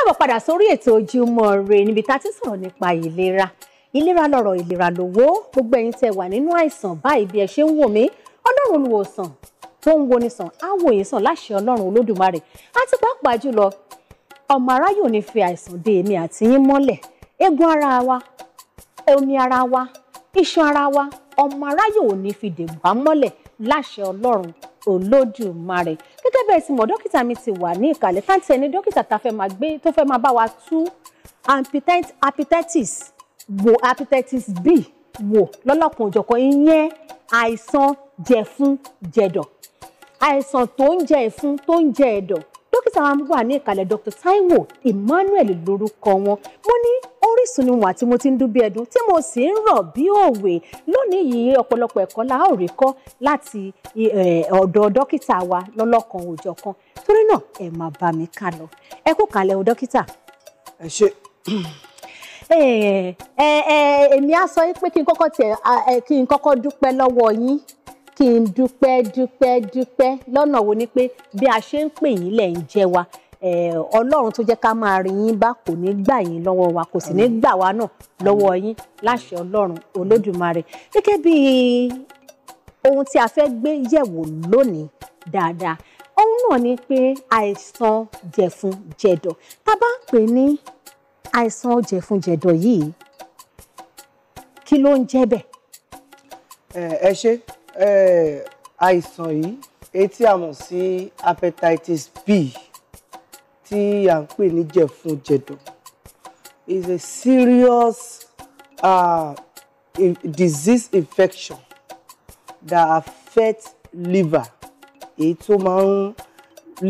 káàbọ̀ padà sórí ètò ojúmọ́ ire níbi tá a ti ń sọ̀rọ̀ nípa ìlera ìlera lọ̀rọ̀ ìlera lówó gbogbo ẹ̀yin tẹ́ wà nínú àìsàn báyìí bí ẹ ṣe ń wò mí ọlọ́run olùwòsàn tó ń woni sàn á wò yín sàn láṣẹ ọlọ́run olódùmarè àti pàápàá jùlọ ọmọ aráyò ní fi àìsàn dè èmi àti yín mọ́lẹ̀ eegun ara wa omi ara wa iṣan ara wa ọmọ aráyò ní fi dè mọ́lẹ̀ láṣẹ ọlọ́run olódùmarè gẹ́gẹ́ bẹ́ẹ̀ sì mọ̀ dókítà mi ti wà ní ìkàlẹ̀ káńtì ẹni dókítà tá fẹ́ máa gbé tó fẹ́ máa bá wa tú hepatitis wo hepatitis B wò lọ́lọ́kan òjọ̀kan ìyẹn àìsàn jẹ̀fun jẹ̀dọ̀ àìsàn tó ń jẹ ìfun tó ń jẹ ẹ̀dọ̀ dókítà wa wà ní ìkàlẹ̀ dr taiwo emmanuel lórúkọ wọn mo ní orísun ni mo àti mo ti ń dún bí ẹdun tí mo sì ń rọ̀ bí òwe lónìí yìí ọ̀pọ̀lọpọ̀ ẹ̀kọ́ la ó rí kọ́ láti ọ̀dọ̀ dókítà wa lọ́lọ́kan òjọ̀kan torí náà ẹ máa bá mi ká lọ ẹ kú kàlẹ̀ o dókítà. ẹ ṣe. èmi á sọ pé kí n kọ́kọ́ tiẹ̀ kí n kọ́kọ́ dúpẹ́ lọ́wọ́ yín kí n dúpẹ́ dúpẹ́ dúpẹ́ lọ́nà wo ni pé bí a ṣe ń pè yín lẹ̀ ń jẹ́ wa ọlọ́run tó jẹ́ ká máa rí yín bá kò ní gbà yín lọ́wọ́ wa kò sì ní gbà wá náà lọ́wọ́ yín láṣẹ ọlọ́run olódùmarè gẹ́gẹ́ bí ohun tí a fẹ́ gbé yẹ̀wò lónìí dáadáa ohun náà ni pé àìsàn jẹ̀fun-jẹ̀dọ̀ tá a bá ń pè ní àìsàn jẹ̀fun-jẹ̀dọ̀ yìí kí ló ń jẹ́ bẹ́ẹ̀. ẹ ṣe Eh, àìsàn yìí èyí tí a mọ̀ sí hepatitis B tí à ń pè ní jẹ̀fun-jẹ̀dọ̀ is a serious uh, disease infection that affect liver èyí tó máa ń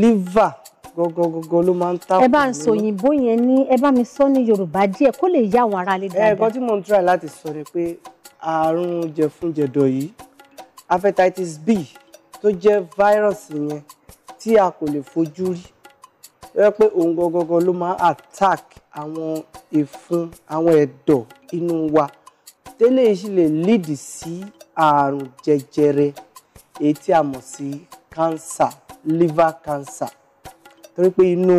liver gọgọgọgọ ló máa ń tàkùn. ẹ bá ń sọ òyìnbó yẹn ní ẹ bá mi sọ ní yorùbá díẹ̀ kó lè yá àwọn aráalé dáadáa. ẹ̀ẹ̀kan eh, tí mo ń try láti sọ ni pé àrùn jẹ̀fun-jẹ̀dọ̀ yìí hepatitis B tó jẹ́ fáírọ̀sì yẹn tí a kò lè fojú rí ó yẹ pé òun gangan ló máa attack àwọn ìfun àwọn ẹ̀dọ̀ inú wa tẹ́lẹ̀ yìí sì lè lead sí àrùn jẹjẹrẹ èyí tí a mọ̀ sí cancer liver cancer torí pé inú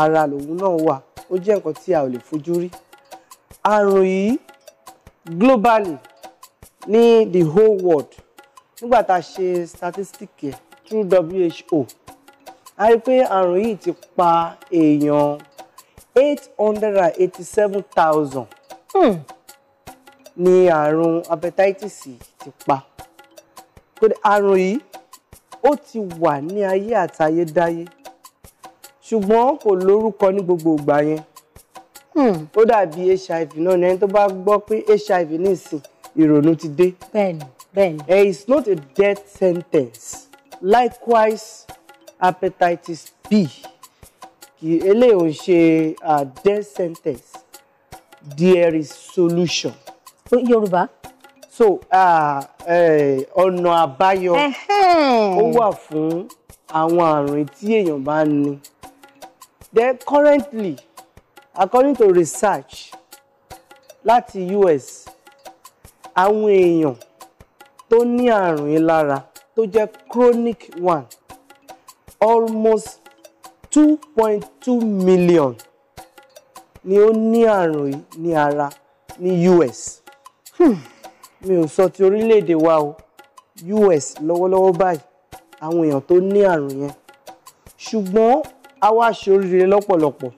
ara lòun náà wà ó jẹ́ nǹkan tí a ò lè fojú rí àrùn yìí globally ní the whole world nígbà tá a ṣe statistic through WHO a rí pé àrùn yìí ti pa èèyàn eight hundred and eighty-seven thousand hmm. ni àrùn hepatitis ti pa àrùn yìí ó ti wà ní ayé àtayédáyé ṣùgbọ́n kò lórúkọ ní gbogbo ìgbà yẹn hmm. ó dàbí hiv náà ní ẹni tó bá gbọ́ pé hiv nísìn ìrònú ti dé. bẹ́ẹ̀ni bẹ́ẹ̀ni. Eh, it's not a death sentence likewise hepatitis B kì eléyìí ò a death sentence there is solution. Yorùbá. so eh, ọ̀nà àbáyọ ó wà fún àwọn àrùn tí èèyàn bá ní then currently according to research láti US àwọn èèyàn tó ní àrùn yìí lára tó jẹ́ chronic one almost two point two million ni ó ní àrùn yìí ní ara ní US hmm. mi ò sọ ti orílẹ̀-èdè wa o US lọ́wọ́lọ́wọ́ báyìí àwọn èèyàn tó ní àrùn yẹn ṣùgbọ́n a wá ṣe oríire lọ́pọ̀lọpọ̀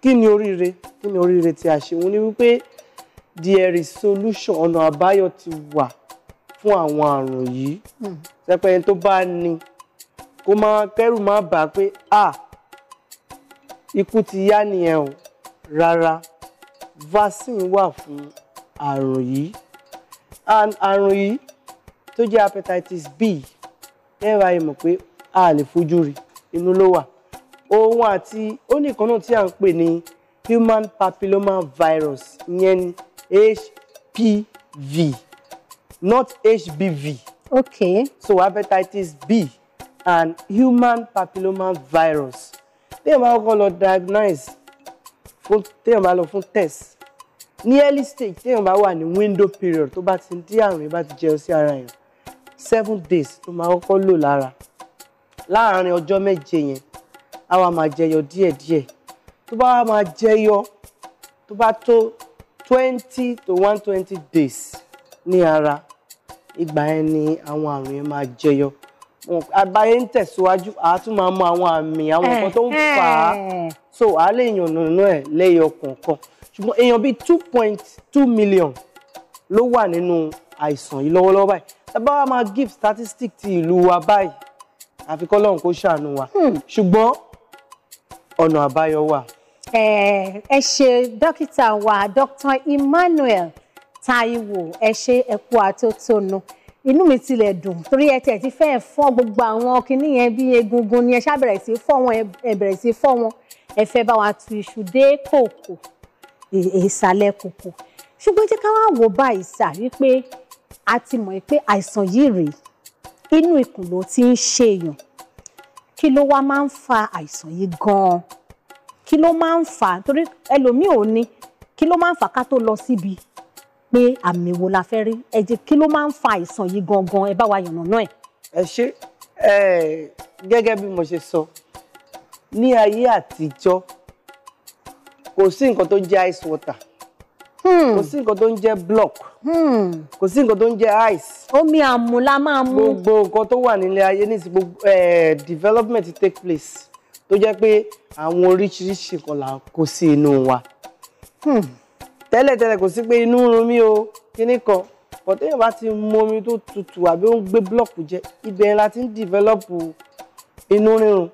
kí ni oríire kí ni oríire tí a ṣe òun ni wípé there is solution ọ̀nà àbáyọ ti wà fún àwọn àrùn yìí sẹpẹ hmm. ẹni tó bá ní kó má kẹrù má bà pé a ikú ti yá nìyẹn o rárá vaccine wà fún àrùn yìí and àrùn yìí tó jẹ́ hepatitis B lẹ́wàá yìí mọ̀ pé a lè fojú rí inú ló wà òun àti ó nìkan náà tí à ń pè ní human papilloma virus ìyẹn ni HPV, not HBV. Okay. So hepatitis B and human papilloma virus. Téèyàn are kọ́kọ́ lọ diagnose fún téèyàn bá lọ fún test. Ní early stage téèyàn bá wà ní window period tó bá ti dí àrùn bá ti jẹun sí ara yẹn. Seven days ló máa kọ́kọ́ lò lára. Láàárín ọjọ́ méje yẹn, a wá máa jẹyọ díẹ̀díẹ̀. Tó bá wá máa jẹyọ, tó bá tó twenty to one twenty days ní ara ìgbà yẹn ni àwọn àrùn yẹn máa jẹyọ àgbáyé ń tẹ̀síwájú àá tún máa mọ àwọn àmì àwọn nǹkan tó ń fà á so àá lè yànnàná ẹ̀ lẹ́yọ kọ̀ọ̀kan ṣùgbọ́n èèyàn bíi two point two million ló wà nínú àìsàn yìí lọ́wọ́lọ́wọ́ báyìí tábà wá máa give statistic ti ìlú wa báyìí àfikọ́ lọ́run kó ṣàánú wa hmm. ṣùgbọ́n ọ̀nà àbáyọ wà. Eh, ẹ ṣe dókítà wa dr emmanuel taiwo ẹ ṣe ẹ kú àtótónu inú mi tilẹ̀ dùn torí ẹ tẹ̀ ti fẹ́ fọ́ gbogbo àwọn kinní yẹn bí egungun ni ẹ ṣá bẹ̀rẹ̀ sí fọ́ wọn ẹ bẹ̀rẹ̀ sí fọ́ wọn ẹ fẹ́ bá wa tu iṣu dé kòkò ìsàlẹ̀ kòkò ṣùgbọ́n jẹ́ ká wá wò báyìí sà wípé a ti mọ̀ pé àìsàn yìí rèé inú ikùn ló ti ń ṣèyàn kí ló wá máa ń fa àìsàn yìí gan-an kí ló máa ń fà á torí ẹlòmíì ò ní kí ló máa ń fà á ká tó lọ síbi pé àmì wo la fẹ́ rí ẹ kí ló máa ń fa àìsàn yìí gangan ẹ bá wa yànnà náà ẹ. ẹ ṣe gẹ́gẹ́ bí mo ṣe sọ ní ayé àtijọ́ kò sí nǹkan tó ń jẹ́ ice water hmm. kò sí nǹkan tó ń jẹ́ block hmm. kò sí nǹkan tó ń jẹ́ ice. omi àmú la máa mú. gbogbo nǹkan tó wà nílé ayé nísìnyí gbogbo eh, development take place tó jẹ́ pé àwọn oríṣiríṣi kan là ń kó sí inú wa tẹ́lẹ̀tẹ́lẹ̀ hmm. kò sí pé inú ń run mí o kíní kan but téèyàn bá ti mu omi tó tutù àbí ó ń gbé blọọkù jẹ ibẹ̀ yẹn ti ń dìvẹ́lọ́pù inú rírun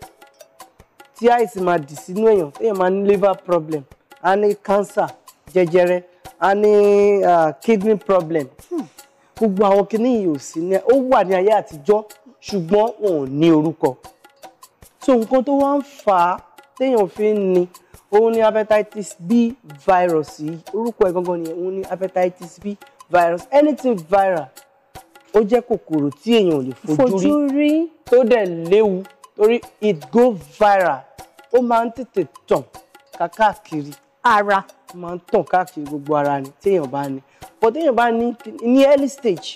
tí àìsàn máa dì sínú èèyàn téèyàn máa ní liver problem a ní cancer jẹjẹrẹ a ní kidney problem hmm. gbogbo àwọn kìnìyàn ò sí ní ó wà ní ayé àtijọ́ ṣùgbọ́n wọn ò ní orúkọ so nǹkan tó wá ń fà á téèyàn fi ń ni òun ni hepatitis B virus yìí orúkọ ẹ̀ gangan nìyẹn òun ni hepatitis B virus anything viral ó jẹ́ kòkòrò tí èèyàn ò lè fojú rí tó dẹ̀ léwu torí it go viral ó máa ń tètè tàn káàkiri ara máa ń tàn káàkiri gbogbo ara ni téèyàn bá ní but téèyàn bá ní ní early stage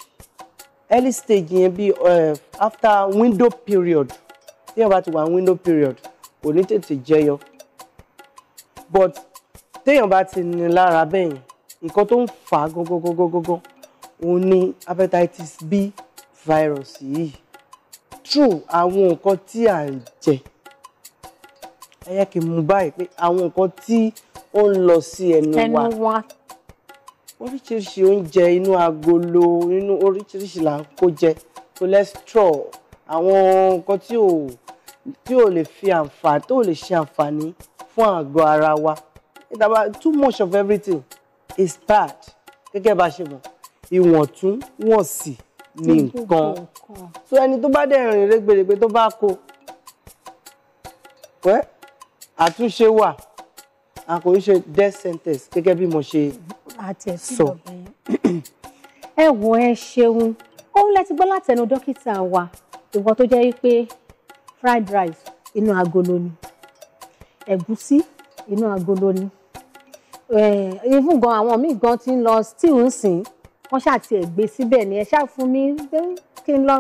early stage yẹn bí eh, after window period tí ẹ bá ti wà ní window period kò ní tètè jẹyọ but téèyàn bá ti ní lára bẹ́ẹ̀ yẹn nǹkan tó ń fà á gangan òun ni hepatitis B virus yìí true àwọn nǹkan tí à ń jẹ ẹ yẹ kí n mú báyìí pé àwọn nǹkan tí ó ń lọ sí ẹnu wa oríṣiríṣi oúnjẹ inú agolo inú oríṣiríṣi là ń kó jẹ cholesterol àwọn nǹkan tí ò tí ò lè fi àǹfààní tó lè ṣe àǹfààní fún àgọ́ ara wa ìtàbá too much of everything is bad gẹ́gẹ́ bá ṣe mọ̀ ìwọ̀ntúnwọ̀nsì ní nǹkan so ẹni tó bá dẹ̀ rìn rẹ́gbẹ̀rẹ́gbẹ̀ tó bá kó pẹ́ àtúnṣe wà a kò ń ṣe death sentence gẹ́gẹ́ bí mo ṣe sọ. ẹ wo ẹ ṣeun ohun lẹ ti gbọ́ látẹnu dókítà wa nǹkan tó jẹ́ pé fried rice inú agolo ni ẹ̀gúsí inú agolo ni eh, even gan àwọn míì gan ti ń lọ still ń sìn wọ́n ṣáà ti ẹ̀ gbé síbẹ̀ ni ẹ ṣáà fún mi kí n lọ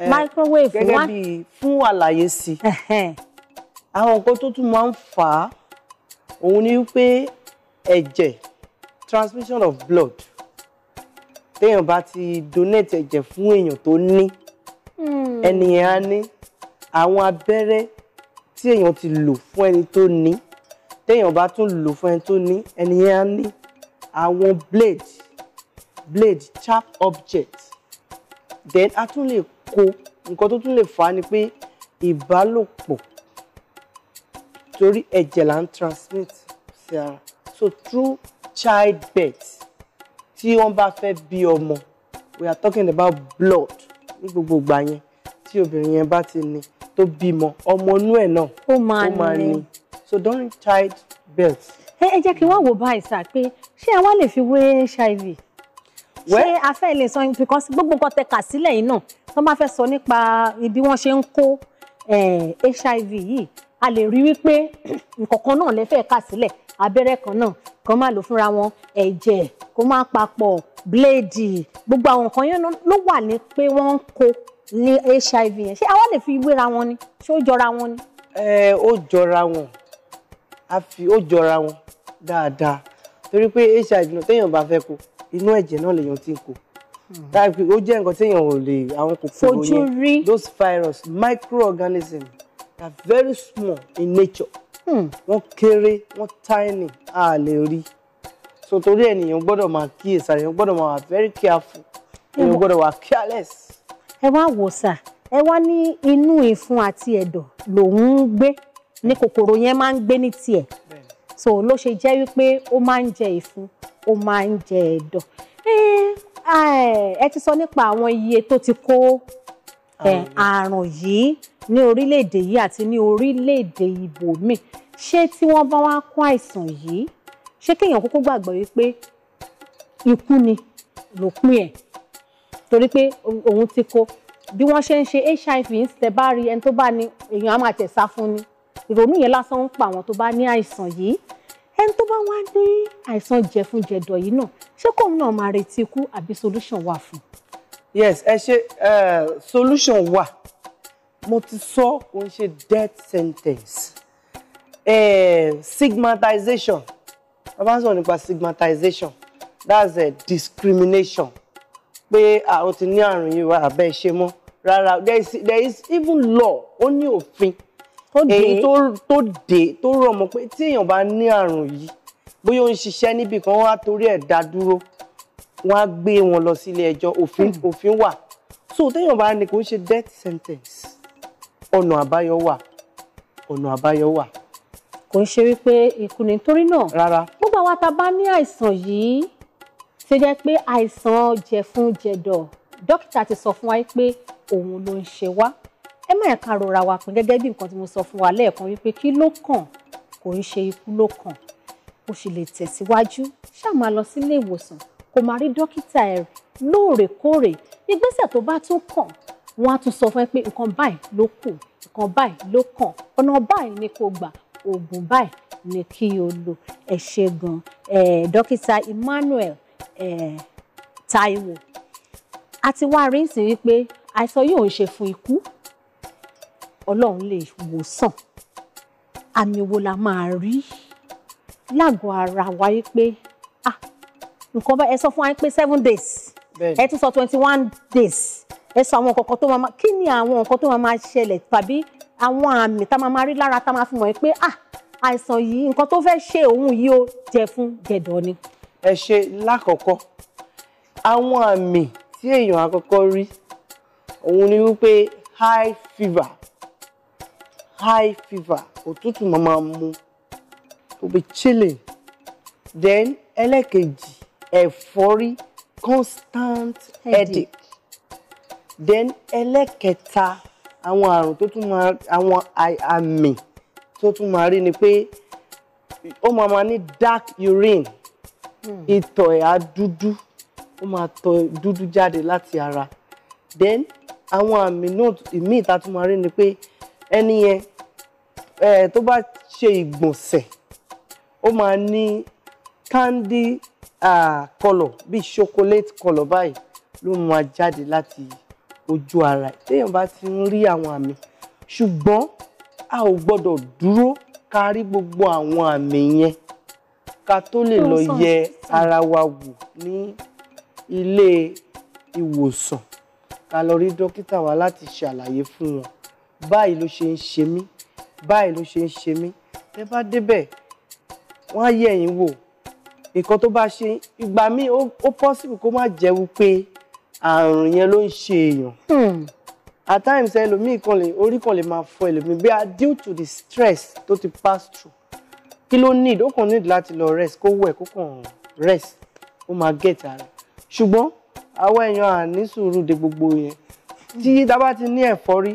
eh, microwave wá. gẹ́gẹ́ bí fún àlàyé sí i àwọn nǹkan tó tún máa ń fà á òun ni pé ẹ̀jẹ̀ transmission of blood téèyàn bá ti donate ẹ̀jẹ̀ fún èèyàn tó ní. Hmm. ẹnìyẹn á ní àwọn abẹ́rẹ́ tí èèyàn ti lò fún ẹni tó ní téèyàn bá tún lò fún ẹni tó ní ẹnìyẹn á àwọn blade blade sharp object then a tún lè kó nǹkan tó tún lè fà á ni pé ìbálòpọ̀ torí ẹ̀jẹ̀ là ń transmit sí ara so through childbirth tí wọ́n bá fẹ́ bí ọmọ we are talking about blood ní gbogbo ìgbà yẹn tí obìnrin yẹn bá ti ní tó bímọ ọmọ inú ẹ̀ náà ó máa ní so don't child birth. ẹ ẹ jẹ́ kí wọ́n wò báyìí sá pé ṣé àwa lè fi wé hiv ṣé afẹ́ lè sọ because gbogbo nǹkan tẹ̀ka sílẹ̀ yìí náà wọ́n máa fẹ́ sọ nípa bí wọ́n ṣe ń kó hiv yìí a lè rí wípé nǹkan kan náà lè fẹ́ kà sílẹ̀ abẹ́rẹ́ kan náà kan máa lò fúnra wọn ẹ̀jẹ̀ kó má papọ̀ bléèdì gbogbo àwọn nǹkan yẹn ló wà ní pé wọ́n ń kó ní HIV yẹn ṣé àwọn lè fi wéra wọn ni ṣé ó jọra wọn ni. ẹ ó jọra wọn a fi ó jọra wọn dáadáa torí pé HIV náà téèyàn bá fẹ́ kó inú ẹ̀jẹ̀ náà lèèyàn ti ń kó hmm. táàpì ó jẹ́ nǹkan téèyàn ò lè àwọn kòkòrò yẹn those virus microorganisms are very small in nature Hmm. wọ́n kéré wọ́n tiny a lè rí so torí ènìyàn gbọ́dọ̀ máa kíyèsára ènìyàn gbọ́dọ̀ máa wà very careful ènìyàn gbọ́dọ̀ wà careless. ẹ wá wò sà ẹ wá ní inú ìfun àti ẹ̀dọ̀ lòun ń gbé ní kòkòrò yẹn máa ń gbé ní tiẹ̀ so ló ṣe jẹ́ wípé ó máa ń jẹ ìfun ó máa ń jẹ ẹ̀dọ̀ ẹ ti sọ nípa àwọn iye tó ti kó àrùn yìí ní orílẹ̀-èdè yìí àti ní orílẹ̀-èdè ibòmíì ṣé tí wọ́n bá wá kó àìsàn yìí ṣé kéèyàn kúkú gbàgbọ́ wípé ikú ni lòpin ẹ̀ torí pé òun ti kó bí wọ́n ṣe ń ṣe hiv ń tẹ bá rí ẹni tó bá ní èèyàn á máa tẹ̀sà fún ni ìrònú yẹn lásán ń pa àwọn tó bá ní àìsàn yìí ẹni tó bá wá ní àìsàn jẹ̀fun jẹ̀dọ̀ yìí náà ṣé kóun náà máa retí ikú àbí solution wà fún un yes ẹ ṣe uh, solution wà mo ti sọ kò ń ṣe death sentence uh, stigmatization bàbá ń sọ̀rọ̀ nípa stigmatization that's a discrimination pé àwọn ti ní àrùn yìí wà abẹ́ ṣe mọ́ rárá there is there is even law ó ní òfin èyí tó dé tó rọ̀ mọ́ pé tí èèyàn bá ní àrùn yìí bóyá ó ń ṣiṣẹ́ níbì kan wá torí ẹ̀ dá dúró wọ́n á gbé wọn lọ sílé ẹjọ́ òfin hmm. òfin wà so téèyàn bá ní kò ń ṣe death sentence ọ̀nà àbáyọ wà ọ̀nà àbáyọ wà. kò ń ṣe wípé ikú ni torí náà rárá gbogbo àwa tá a bá ní àìsàn yìí ṣe jẹ́ pé àìsàn jẹ̀fun-jẹ̀dọ̀ dókítà ti sọ fún wa pé òun ló ń ṣe wá ẹ má ẹ̀ka rora wa pín gẹ́gẹ́ bí nǹkan tí mo sọ fún wa lẹ́ẹ̀kan wípé kí ló kàn kò ń ṣe ikú ló kàn ó sì lè tẹ̀síwájú ṣáà máa lọ sílé ìwòsàn kó máa rí dókítà ẹ̀ lóòrèkóòrè ìgbésẹ̀ tó bá tún kàn wọ́n á tún sọ fún ẹ pé nǹkan báyìí ló kù nǹkan báyìí ló kàn ọ̀nà báyìí ni kò gbà oògùn báyìí ni kí o lò ẹ ṣé gan dókítà Emmanuel eh, Taiwo a ti wá rí sí wípé àìsàn yóò ń ṣe fún ikú Ọlọ́run lè wò sàn àmì wo la máa rí lágọ̀ọ́ ara wa wípé nǹkan bá ẹ sọ fún wa pé seven days ẹ tún sọ twenty one days ẹ sọ àwọn nǹkan kan tó máa kí ni àwọn nǹkan tó máa ṣẹlẹ̀ tàbí àwọn àmì tá máa rí lára tá máa fi mọ̀ pé ah àìsàn yìí nǹkan tó fẹ́ ṣe òun yìí ó jẹ fún jẹ̀dọ̀ ni. ẹ ṣe lákọ̀ọ́kọ́ àwọn àmì tí èèyàn àkọ́kọ́ rí òun ni wípé high fever high fever òtútù máa máa mú to be chilling then ẹlẹ́kejì ẹ̀fọ́rí constant headache then ẹlẹ́kẹta àwọn àrùn tó tún máa àwọn àmì tó tún máa rí ni pé ó máa máa ní dark urine hmm. ìtọ̀ ẹ̀ á dúdú ó máa tọ̀ dúdú jáde láti ara then àwọn àmì náà ìmí ìta tún máa rí ni pé ẹni yẹn tó bá ṣe ìgbọ̀nsẹ̀ ó máa ní candy kọlọ̀ ah, bíi chocolate kọlọ̀ báyìí ló máa jáde láti ojú ara ẹ̀ téèyàn bá ti ń rí àwọn àmì ṣùgbọ́n a ò gbọ́dọ̀ dúró ká rí gbogbo àwọn àmì yẹn ká tó lè lọ yẹ ara wa wò ní ilé ìwòsàn ká lọ rí dókítà wa láti ṣàlàyé fún wọn báyìí ló ṣe ń ṣe mí báyìí ló ṣe ń ṣe mí tẹ bá débẹ̀ wọ́n á yẹ̀ yín wò nǹkan tó bá ṣe ìgbà míì ó possible kó má jẹ́ wípé àrùn yẹn ló ń ṣe èèyàn hmm. at times ẹlòmíì kan lè orí kan lè máa fọ ẹlòmíì bí i due to the stress tó ti pass through kí ló need ó kàn need láti lọ rest kó wẹ̀ kó kàn rest ó máa get ara ṣùgbọ́n àwọn èèyàn à ní sùúrù de gbogbo yẹn tí dábàá ti ní ẹ̀fọ́rí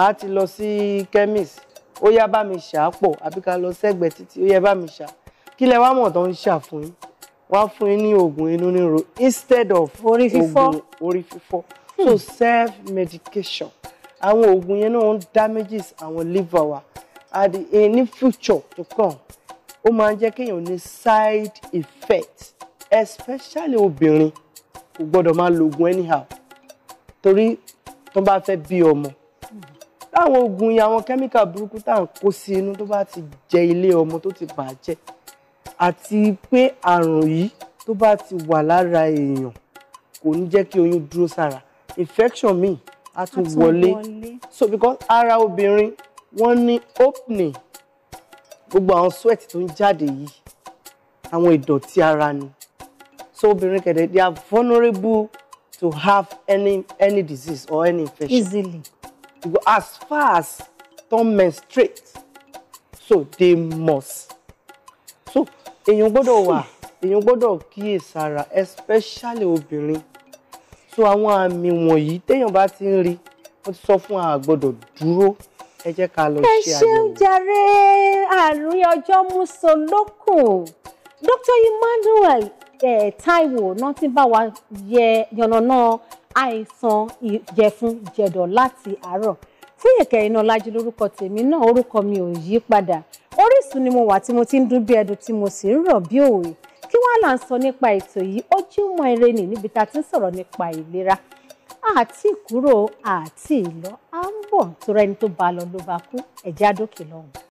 àá ti lọ sí chemist ó yá bá mi ṣàápọ̀ àbí ká lọ sẹ́gbẹ̀ẹ́ títí ó yá bá mi ṣàápọ̀ kí lẹ wá mọ̀ tó ń ṣàfún yín wá fún yín ní oògùn inú ríro instead of orí orí fífọ́ so hmm. self medication àwọn oògùn yẹn náà ń damages àwọn liver wa and in future to come ó máa ń jẹ́ kéèyàn ní side effect especially obìnrin kò gbọ́dọ̀ máa lo oògùn anyhow torí tó bá fẹ́ bí ọmọ láwọn oògùn yẹn àwọn kẹ́míkà burúkú tá à ń kó sí inú tó bá ti jẹ ilé ọmọ tó ti bàjẹ́ àti pé àrùn yìí tó bá ti wà lára èèyàn kò ní jẹ́ kí oyún dúró sára infection míì á tún wọlé so because ara obìnrin wọ́n ní opening gbogbo àwọn sweat tó ń jáde yìí àwọn ìdọ̀tí ara ni so obìnrin kẹ̀dẹ̀ they are vulnerable to have any any disease or any infection easily as far as don menstruate so they must èèyàn gbọ́dọ̀ wà èèyàn gbọ́dọ̀ kíyè sára especially obìnrin so àwọn àmì wọ̀nyí téèyàn bá ti ń rí wọ́n ti sọ fún a gbọ́dọ̀ dúró ẹ jẹ́ ká lọ ṣe àyẹ̀wò. ẹ ṣeun jàre àrùn ọjọ́ múso lókun Dr. Emmanuel Taiwo náà ti bá wa yẹ yànnàná àìsàn ìjẹfun jẹ̀dọ̀ láti àárọ̀. Fúyèkẹ́ Inaọlájí lórúkọ tèmi náà orúkọ mi ò yí padà Orísun ni mo wà tí mo ti ń dún bí ẹdun tí mo sì ń rọ̀ bí òwe kí wọ́n là ń sọ nípa ètò yìí Ojúmọ́ Ire ni níbi tá a ti ń sọ̀rọ̀ nípa ìlera àti kúrò àti ìlọ à ń bọ̀ tó rẹni tó bá lọ ló bá kú ẹ̀já dókè lọ́hùn.